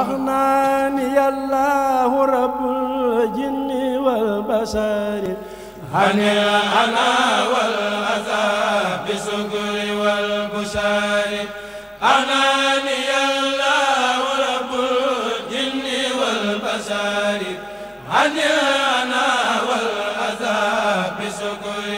أغناني الله رب الجن والبشر عن الأنا والأذى بسكر والبشار أغناني الله رب الجن والبشر عن الأنا والأذى بسكر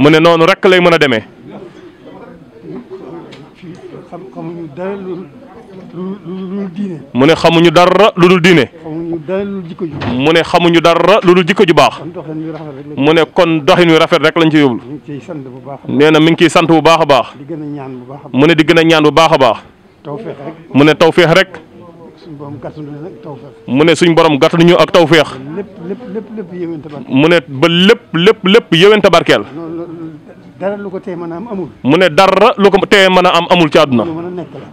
mu ne noonu rek lay mën a demee. mu ne xamuñu dara lu dul diine. mu ne xamuñu dara lu dul jikko ju baax. mu ne kon doxin wi rafet rek lañ ci yóbbu. nee na mi ngi ciy sant bu baax a baax. mu ne di gën a ñaan bu baax a baax. mu ne tawféex rek. mu ne suñ borom gàttanuñu ak tawféex. mu ne ba lépp lépp lépp yéwén tabarkeel. dara lu ko a am amul. mu ne dara lu ko tee mën a am amul ci àdduna.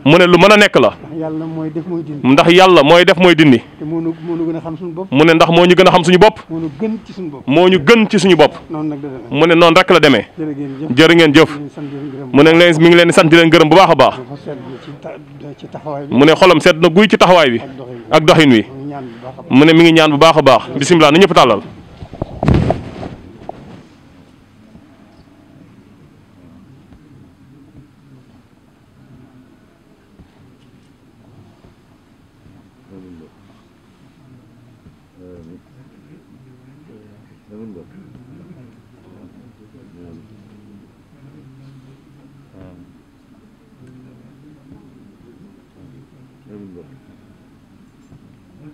mu ne lu mën a nekk la. ndax yàlla mooy def mooy dindi. ndax yàlla mooy def mooy dindi. moo ñu gën a xam suñu bopp. mu ne ndax moo ñu gën a xam suñu bopp. moo ñu gën ci suñu bopp. moo ñu gën ci suñu bopp. mu ne noonu rek la demee. jërë ngeen jëf mu ne leen mi ngi leen di di leen gërëm bu baax a baax. mu ne xolam seet na guy ci taxawaay bi. ak doxin wi mu ne mi ngi ñaan bu baax a baax bisimilah na ñëpp tàllal الله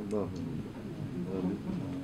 الله آمين